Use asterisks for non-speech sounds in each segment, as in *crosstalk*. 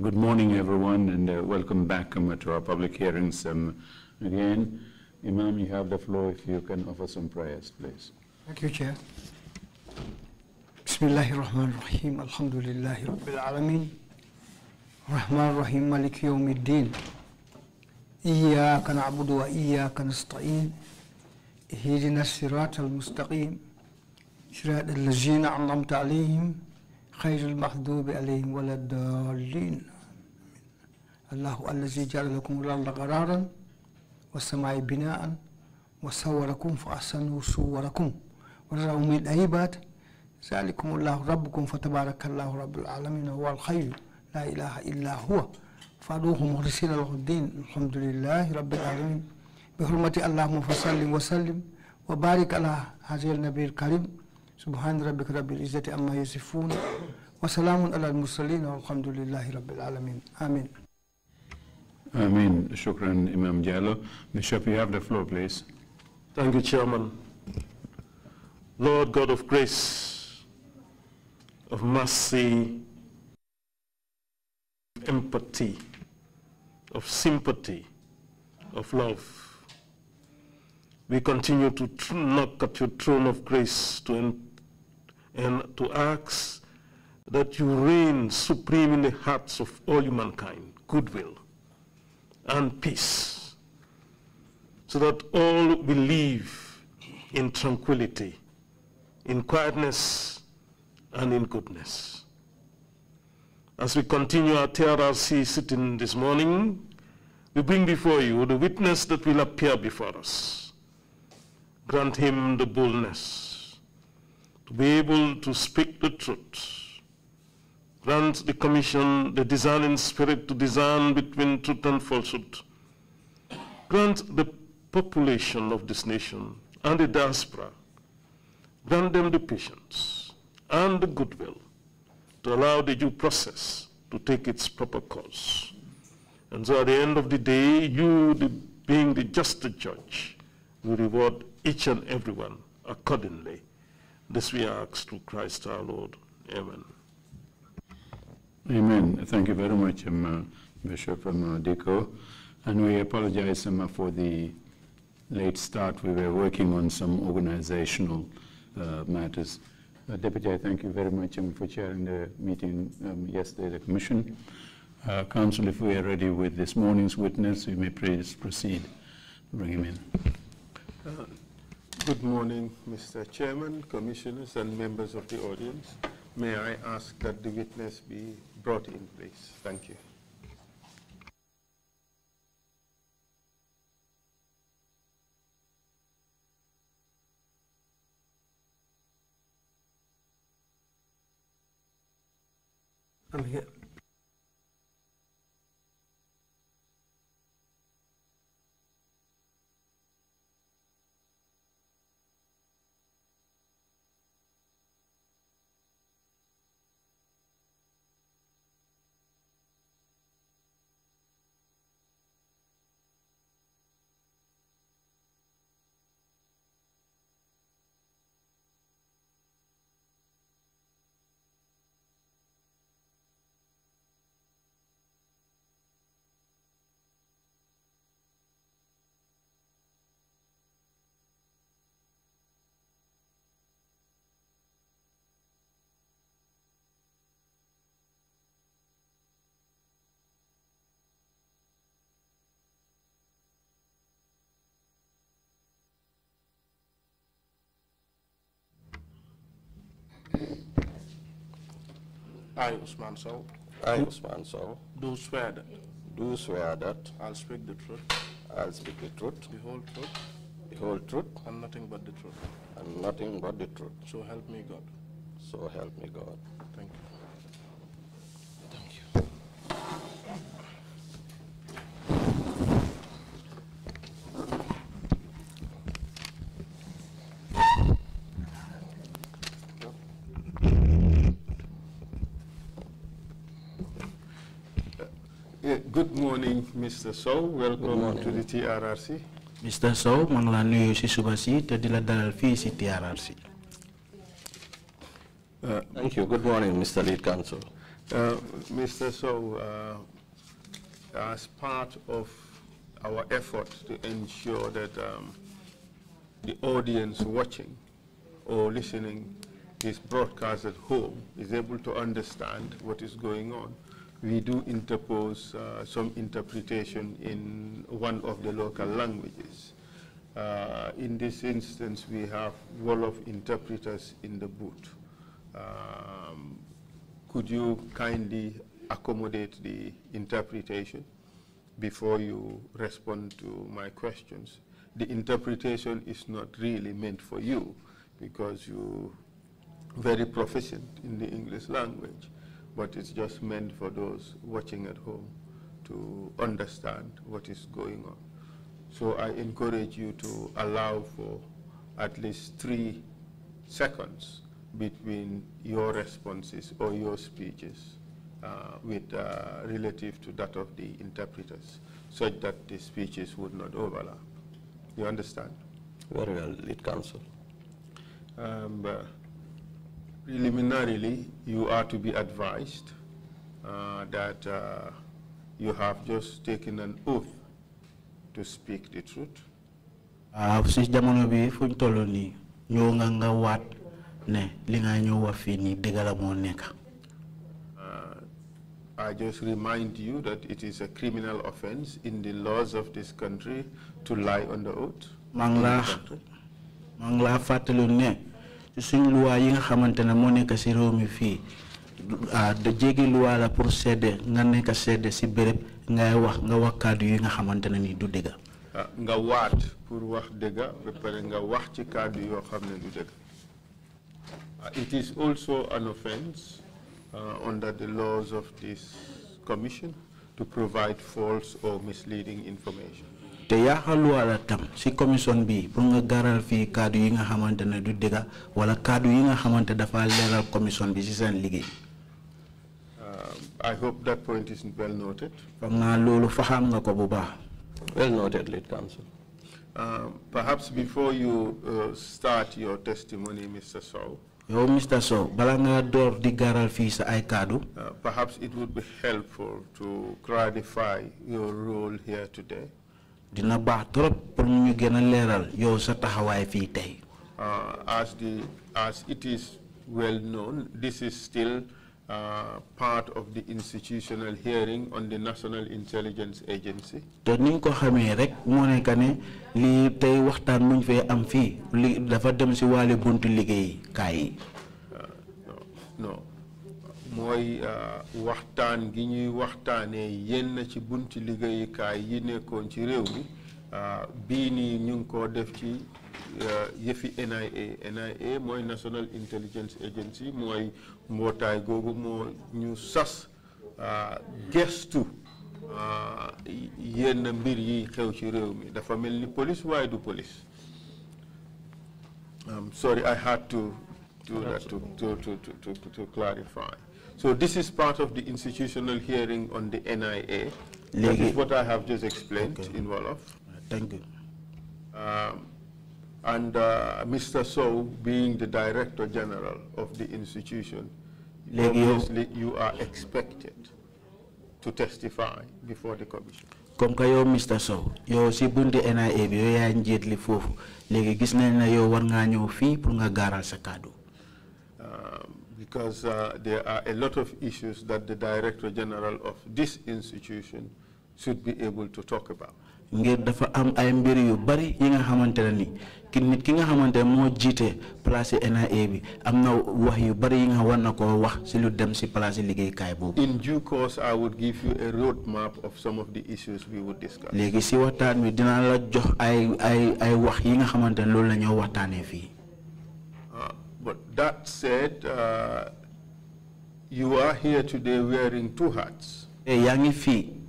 good morning, everyone, and uh, welcome back um, to our public hearings um, again. Imam, you have the floor if you can offer some prayers, please. Thank you, Chair. Bismillahir Rahmanir Rahim. Alhamdulillahi Rabbil Alameen. Rahman Rahim Malik Yawmiddin. إياك نعبد وإياك نستعين اهدنا الصراط المستقيم صراط الذين أنعمت عليهم خير المغضوب عليهم ولا الضالين الله الذي جعل لكم الأرض قرارا والسماء بناء وصوركم فأحسنوا صوركم ورأوا من الأيبات ذلكم الله ربكم فتبارك الله رب العالمين هو الخير لا إله إلا هو فأدوه مخلصين له الدين الحمد لله رب العالمين بحرمة اللهم فسلم وسلم وبارك على هذه النبي الكريم سبحان ربك رب العزة عما يصفون وسلام على المرسلين والحمد لله رب العالمين آمين Amin. Shukran, Imam Jallo. Bishop, you have the floor, please. Thank you, Chairman. Lord God of grace, of mercy, of empathy, of sympathy, of love, we continue to knock at your throne of grace to and to ask that you reign supreme in the hearts of all humankind, goodwill and peace, so that all will live in tranquility, in quietness, and in goodness. As we continue our TRRC sitting this morning, we bring before you the witness that will appear before us. Grant him the boldness to be able to speak the truth. Grant the Commission the discerning spirit to discern between truth and falsehood. Grant the population of this nation and the diaspora, grant them the patience and the goodwill to allow the due process to take its proper course. And so at the end of the day, you, the, being the just judge, will reward each and everyone accordingly. This we ask through Christ our Lord. Amen. Amen. Thank you very much, um, Bishop um, Deco. And we apologize um, for the late start. We were working on some organizational uh, matters. Uh, Deputy, I thank you very much um, for chairing the meeting um, yesterday, the Commission. Uh, Council, if we are ready with this morning's witness, you may please proceed. Bring him in. Uh, Good morning, Mr. Chairman, Commissioners, and members of the audience. May I ask that the witness be brought in, please? Thank you. I'm here. I, Usman Sol, I, Usman Sol, do swear that do swear that I'll speak the truth, I'll speak the truth, the whole truth, the whole truth, and nothing but the truth, and nothing but the truth. So help me God. So help me God. Thank you. Good morning, Mr. So. Welcome to the TRRC. Mr. So, maa ngi laa nuyu si suba the te di dalal si TRRC. Uh, Thank you. Good morning, Mr. Lead Counsel. Uh, Mr. So, uh, as part of our effort to ensure that um, the audience watching or listening this broadcast at home is able to understand what is going on we do interpose uh, some interpretation in one of the local languages. Uh, in this instance, we have Wolof interpreters in the booth. Um, could you kindly accommodate the interpretation before you respond to my questions? The interpretation is not really meant for you because you very proficient in the English language but it's just meant for those watching at home to understand what is going on. So I encourage you to allow for at least three seconds between your responses or your speeches uh, with uh, relative to that of the interpreters, such that the speeches would not overlap. You understand? Very well, lead counsel. Um, uh, preliminarily, you are to be advised uh, that uh, you have just taken an oath to speak the truth. Ah, ne dëgala uh, I just remind you that it is a criminal offense in the laws of this country to lie on the oath. Mangla, mangla mang suñ yi nga mi ah, la pour nga béréb ngay wax nga wax yi nga ni du ah, nga waat pour wax ba pare nga wax ci du ah, it is also an offense under the laws of this commission to provide false or misleading information te tam commission bi nga garal yi nga du dëgga wala yi nga dafa commission bi liggéey. Uh, I hope that point is well noted. foog naa loolu nga ko bu baax. Well noted, late counsel. Uh, perhaps before you uh, start your testimony, Mr. Sow. Yo, Mr. Sow, balanga dor di garal fi sa ay uh, Perhaps it would be helpful to clarify your role here today dina trop pour ñu yow sa uh, as the as it is well known this is still uh, part of the institutional hearing on the National Intelligence Agency. te ni ko xamee rek moo nekk ne lii tey waxtaan muñ fee am fii li dafa dem buntu liggéey uh, no mooy euh, waxtaan gi ñuy waxtaanee yenn ci bunti liggéeyukaay yi nekkoon ci réew mi euh, bii nii ñu ko def ci euh, yëfi NIA NIA mooy National Intelligence Agency mooy mbootaay googu moo ñu sas gestu yenn mbir yi xew ci réew mi dafa mel ni police waaye du police um, sorry I had to do that to, to, to, to, to clarify so this is part of the institutional hearing on the NIA. That is what I have just explained okay. in Wolof. Thank you. Um, and uh, Mr. So, being the Director General of the institution, Legi obviously you are expected to testify before the commission. comme que yow Mr So, yow si bunti NIA bi yow yaa njiit li foofu léegi gis nañ ne yow war ngaa pour nga gaaral sa because uh, there are a lot of issues that the Director General of this institution should be able to talk about. ngir dafa am ay mbir yu bari yi nga ni ki nit ki nga place bi wax yu bari yi nga wax lu dem place in due course I would give you a road map of some of the issues we would discuss. la jox ay ay ay wax yi nga but that said, uh, you are here today wearing two hats. Eh, uh, the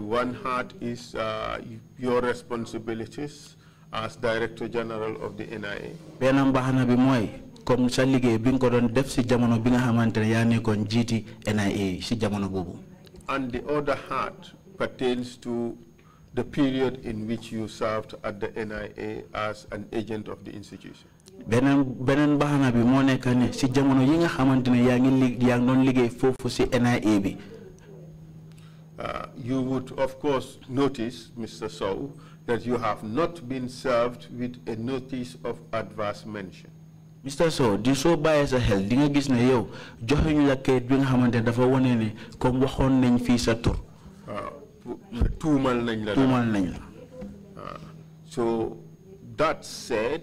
one hat is uh, your responsibilities as Director General of the NIA. And the other hat pertains to the period in which you served at the NIA as an agent of the institution? bi jamono yi nga ngi NIA bi. Uh, you would of course notice Mr. Sow that you have not been served with a notice of adverse mention. Mr. Sow di soo bàyyee sa xel di nga gis ne yow joxuñu la kayit bi nga xamante dafa wane ne comme nañ sa tuumal nañ la tuumal nañ la ah. so that said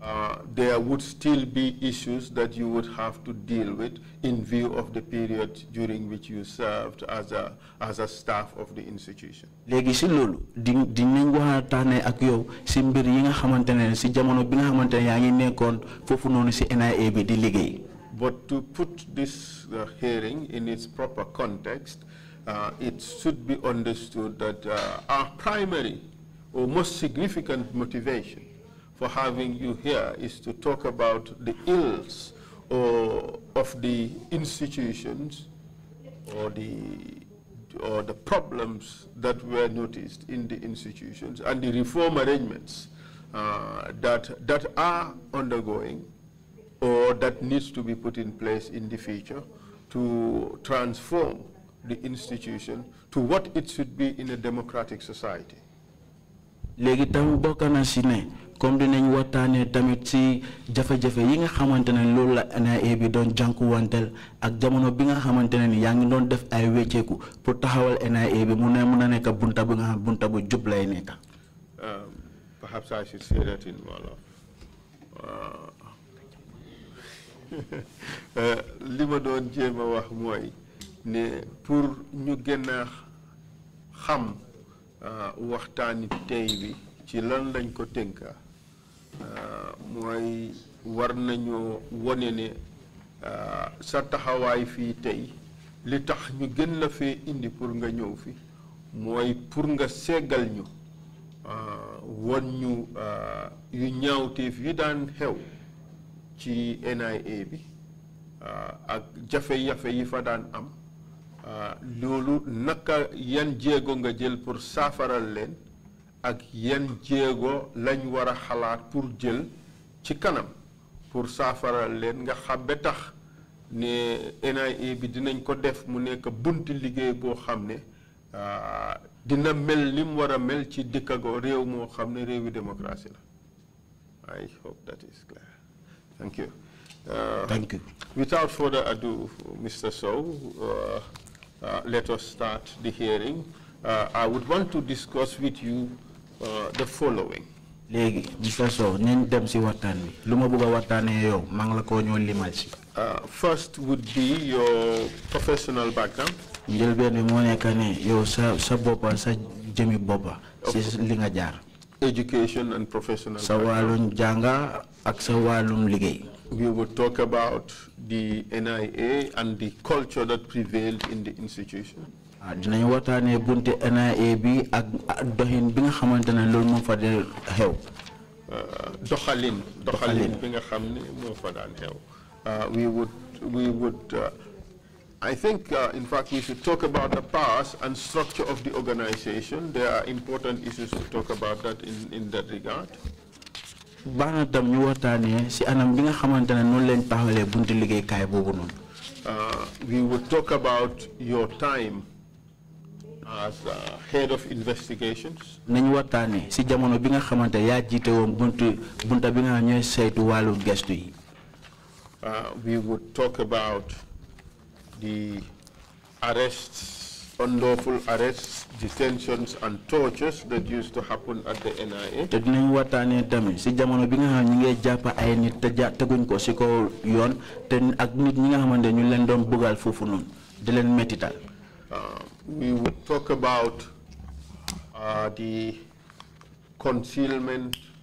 uh, there would still be issues that you would have to deal with in view of the period during which you served as a as a staff of the institution. léegi si loolu di dinañ waxtaan taane ak yow si mbir yi nga xamante ne si jamono bi nga xamante ne yaa ngi nekkoon foofu noonu si NIA bi di liggéey. But to put this uh, hearing in its proper context uh, it should be understood that uh, our primary or most significant motivation for having you here is to talk about the ills or of the institutions or the or the problems that were noticed in the institutions and the reform arrangements uh, that that are undergoing or that needs to be put in place in the future to transform the institution to what it should be in a democratic society. comme dinañ waxtaanee tamit si jafe-jafe yi nga xamante ne loolu la NIA bi doon jànkuwanteel ak jamono bi nga xamante ne yaa ngi doon def ay wécceeku pour taxawal NIA bi mu ne mun a nekk bunta nga bunta bu jub lay nekk. Um, perhaps I should say that in Wolof. Uh, *laughs* uh, li ma doon jéem a wax mooy ne pour ñu gëna a xam euh, waxtaani tey bi ci lan lañ ko tënka euh, mooy war nañoo wone ne euh, sa taxawaay fii tey li tax ñu gën la fee indi pour nga ñëw fi mooy pour nga seggal ñu won ñu yu ñaawteef yi daan xew ci NIA bi ak jafe yi fa daan am Euh, naka jéego nga jël pour ak jéego lañ xalaat pour jël ci kanam pour nga tax ne NIA bi dinañ ko def mu nekk bunti liggéey boo xam ne euh, dina mel ni mu war a mel ci réew moo xam ne réewi démocratie la I hope that is clear thank you. Euh, thank you. Without further ado, Mr. So. Uh, let us start the hearing. Uh, I would want to discuss with you uh, the following. Mr. dem si la limal si. Uh, first would be your professional background. sa sa jëmi si education and professional sa walum janga ak sa walum liggey we will talk about the NIA and the culture that prevailed in the institution ah, dinañ waxtane bunte NIA bi ak doxin bi nga xamantene lool mo fa de xew ah, doxalin doxalin bi nga xamne mo fa daan xew ah, we would we would uh, I think, uh, in fact, we should talk about the powers and structure of the organization. There are important issues to talk about that in, in that regard. Uh, we will talk about your time as uh, head of investigations. Uh, we would talk about the arrests, unlawful arrests, detentions and tortures that used to happen at the NIA. si ay teguñ ko si ñi uh, we would talk about uh, the concealment